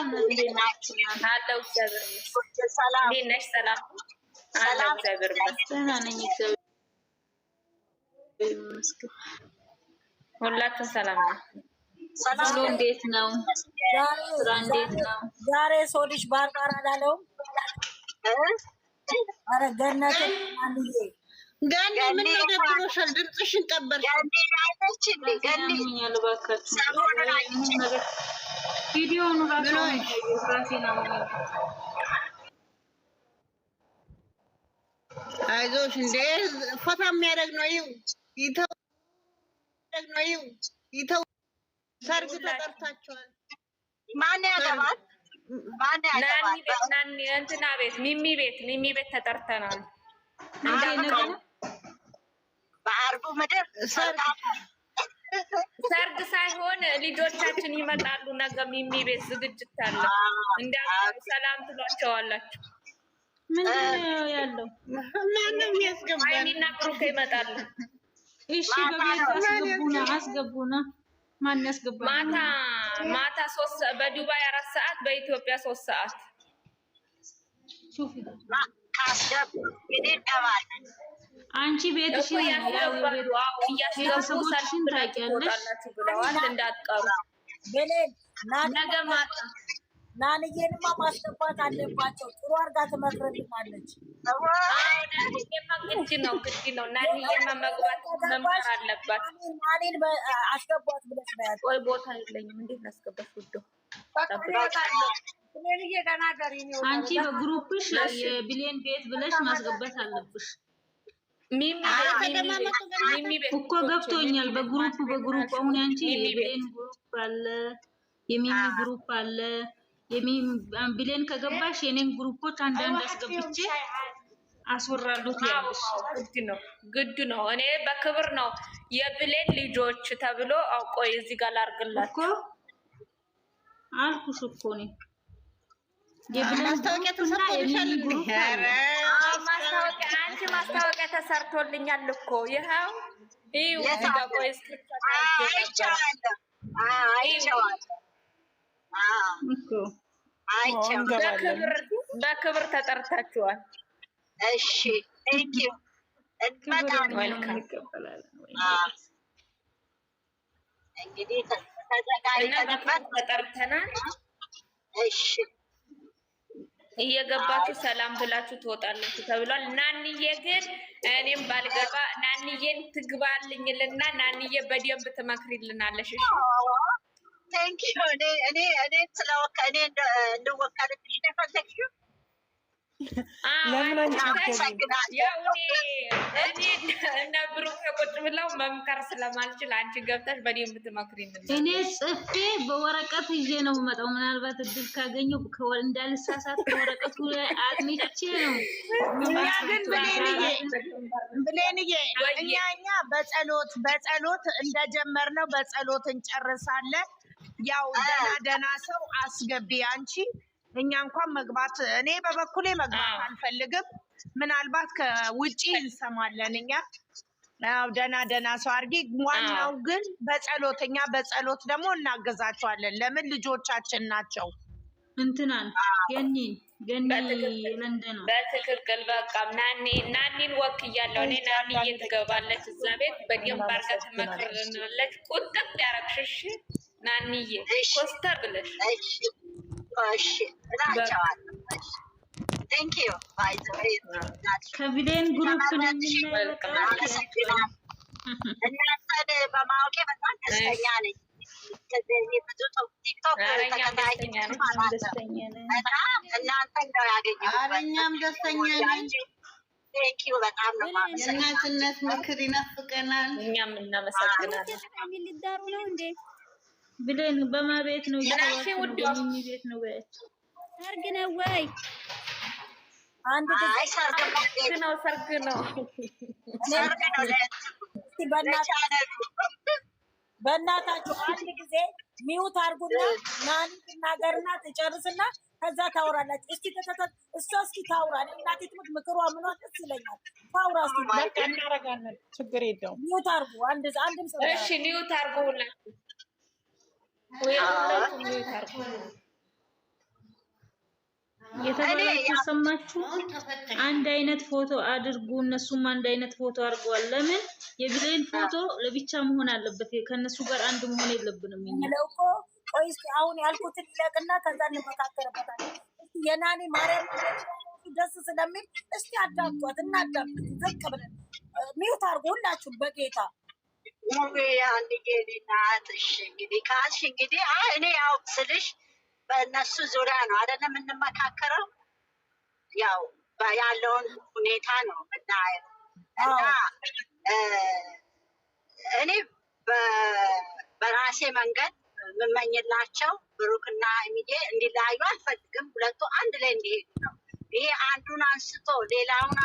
ሁላችን ሰላም ነው። ሁሉ እንዴት ነው? ስራ እንዴት ነው? ዛሬ ሰው ልጅ ባርባር አላለውም። ኧረ ገነት ገኒ ምን ደብሮሻል? ድምፅሽን ቀበርሽ። ቪዲዮውን ራሱ አይዞሽ እንዴ ፎታ የሚያደርግ ነው። ይተው ነው ይተው። ሰርግ ተጠርታችኋል። ማን ያገባል? እንትና ቤት ሚሚ ቤት ሚሚ ቤት ተጠርተናል። በአርቡ ምድር ባይሆን ልጆቻችን ይመጣሉ። ነገ ሚሚ ቤት ዝግጅት አለ። እንደ ሰላም ትሏቸዋላችሁ። ያለው? ብሩክ ይመጣሉ። እሺ፣ በቤት አስገቡና አስገቡና ማን ማታ ማታ ሶስት በዱባይ አራት ሰዓት በኢትዮጵያ ሶስት ሰዓት አንቺ ቤትሽን ቤተሰቦችሽን ታውቂያለሽ ብለዋል። እንዳትቀሩ ነገ ማታ ናንዬንማ ማስገባት አለባቸው። ጥሩ አርጋ ትመክርልናለች። ግድ ነው ግድ ነው። መምከር አለባት። ናኔን አስገባት ብለሽ ቦታ የለኝም። እንዴት ላስገባት? ውዶ አንቺ በግሩፕሽ ብሌን ቤት ብለሽ ማስገባት አለብሽ። እኮ ገብቶኛል። በግሩፕ በግሩፕ አሁን አንቺ የብሌን ግሩፕ አለ፣ የሚሚ ግሩፕ አለ። ብሌን ከገባሽ የኔን ግሩፖች አንዳንድ አስገብቼ አስወራሉት ግድ ነው ግድ ነው። እኔ በክብር ነው የብሌን ልጆች ተብሎ አውቆ የዚህ ጋር ላርግላቸው አልኩሽ እኮ እኔ የብሌን ግሩፕ እና ለአንቺ ማስታወቂያ ተሰርቶልኛል እኮ ይኸው። በክብር ተጠርታችኋል። እሺ እንግዲህ ተዘጋጅተንበት ተጠርተናል። እሺ እየገባችሁ ሰላም ብላችሁ ትወጣላችሁ ተብሏል። ናንዬ ግን እኔም ባልገባ ናንዬን ትግባልኝልና ናንዬ በደንብ ትመክሪልናለሽ። እሺ ቴንኪው። እኔ እኔ እኔ ስለወከ እኔ እንድወከልብሽ ነው ለምን ብሩክ ቁጭ ብለው መምከር ስለማልችል አንቺ ገብተሽ በእኔ እኔ ጽፌ በወረቀት ይዤ ነው የምመጣው። ምናልባት እድል ካገኘሁ እንዳልሳሳት ላይ ነው። ብሌንዬ በጸሎት በጸሎት እንደጀመርነው በጸሎት እንጨርሳለን። ያው ደህና ደህና ሰው አስገቢ አንቺ እኛ እንኳን መግባት እኔ በበኩሌ መግባት አልፈልግም። ምናልባት ከውጪ እንሰማለን እኛ ደና ደና ሰው አድርጌ። ዋናው ግን በጸሎት እኛ በጸሎት ደግሞ እናገዛቸዋለን። ለምን ልጆቻችን ናቸው። እንትናን ገኒ ገኒ ለንደን በትክክል በቃ ናኒ ናኒን ወክ እያለው እኔ ናኒ እየትገባለች እዛ ቤት በደንብ አድርጋ ትመክርልናለች። ቁጥጥ ያረግሽሽ ናኒዬ ኮስተር ብለሽ ከቪሌን ግሩፕ እናንተን በማወቄ በጣም ደስተኛ ነኝ። እኛም ደስተኛ ነን። በጣም ነው የእናትነት ምክር ይናፍቀናል። እኛም እናመሰግናለን። ብሌን ነው ቤት ነው ቤት ነው ሰርግ ነው ወይ? አንድ ሰርግ ነው ሰርግ ነው። ነው በእናታችሁ አንድ ጊዜ ሚዩት አርጉና ማን ትናገርና ትጨርስና ከዛ ታውራላችሁ። እስኪ ተተተት እሷ እስኪ ታውራ እናቴ ትሙት ምክሯ ምኗ ደስ ይለኛል። ታውራ እስኪ እናረጋለን። ችግር የለውም። ሚዩት አርጉ አንድ አንድም ሰው እሺ ሚዩት አድርጉ ሁላችሁ የተባላችሁ ሰማችሁ። አንድ አይነት ፎቶ አድርጉ። እነሱም አንድ አይነት ፎቶ አድርገዋል። ለምን የብሌን ፎቶ ለብቻ መሆን አለበት? ከእነሱ ጋር አንድ መሆን የለብንም። ቆይ አሁን ያልኩትን ይለቅና ከዛ እንመካከርበታለን። የናኒ ማርያም ደስ ስለሚል እስቲ አዳምጧት እና አዳምጡ። ዝቅ ብለን ሚውት አድርጉ ሁላችሁም በጌታ ሙቤ አንድዬ እኔ እንግዲህ ካልሽ እንግዲህ እኔ ያው ስልሽ በእነሱ ዙሪያ ነው አይደለም የምንመካከረው፣ ያው ያለውን ሁኔታ ነው የምናየው እና እኔ በራሴ መንገድ የምመኝላቸው ብሩክና እንዲለያዩ አልፈልግም። ሁለቱ አንድ ላይ እንዲሄዱ ነው። ይሄ አንዱን አንስቶ ሌላውን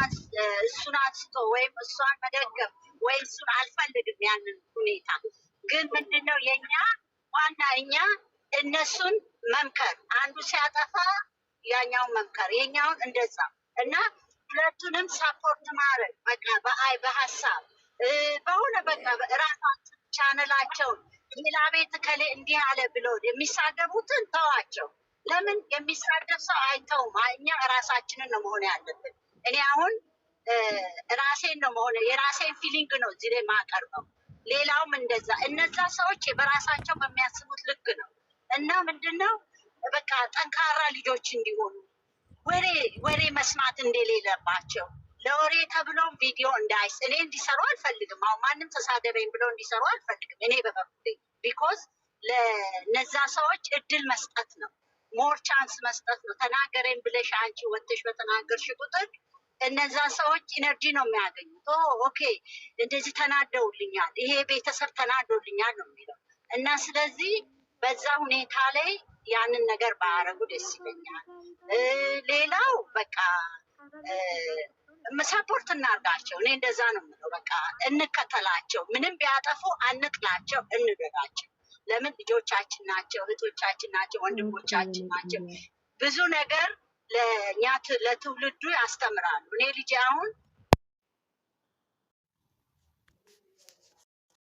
እሱን አንስቶ ወይም እሷን መደገፍ ወይ እሱን አልፈልግም። ያንን ሁኔታ ግን ምንድነው የኛ ዋና እኛ እነሱን መምከር፣ አንዱ ሲያጠፋ ያኛው መምከር፣ የኛውን እንደዛ እና ሁለቱንም ሰፖርት ማድረግ በቃ በአይ በሀሳብ በሆነ በቃ ራሳቸው ቻነላቸውን ሌላ ቤት ከሌ እንዲህ አለ ብሎ የሚሳደቡትን ተዋቸው። ለምን የሚሳደብ ሰው አይተውም። እኛ ራሳችንን ነው መሆን ያለብን። እኔ አሁን ራሴን ነው መሆነ የራሴን ፊሊንግ ነው እዚህ ላይ ማቀርበው። ሌላውም እንደዛ እነዛ ሰዎች በራሳቸው በሚያስቡት ልክ ነው እና ምንድነው በቃ ጠንካራ ልጆች እንዲሆኑ ወሬ ወሬ መስማት እንደሌለባቸው ለወሬ ተብሎም ቪዲዮ እንዳይስ እኔ እንዲሰሩ አልፈልግም። አሁን ማንም ተሳደበኝ ብሎ እንዲሰሩ አልፈልግም። እኔ በበኩሌ ቢኮዝ ለነዛ ሰዎች እድል መስጠት ነው፣ ሞር ቻንስ መስጠት ነው። ተናገረኝ ብለሽ አንቺ ወጥተሽ በተናገርሽ ቁጥር እነዛ ሰዎች ኢነርጂ ነው የሚያገኙት። ኦኬ እንደዚህ ተናደውልኛል፣ ይሄ ቤተሰብ ተናደውልኛል ነው የሚለው እና ስለዚህ በዛ ሁኔታ ላይ ያንን ነገር ባያረጉ ደስ ይለኛል። ሌላው በቃ ሰፖርት እናርጋቸው። እኔ እንደዛ ነው የምለው። በቃ እንከተላቸው። ምንም ቢያጠፉ አንጥላቸው፣ እንገራቸው። ለምን ልጆቻችን ናቸው፣ እህቶቻችን ናቸው፣ ወንድሞቻችን ናቸው። ብዙ ነገር ለእኛ ለትውልዱ ያስተምራሉ። እኔ ልጄ አሁን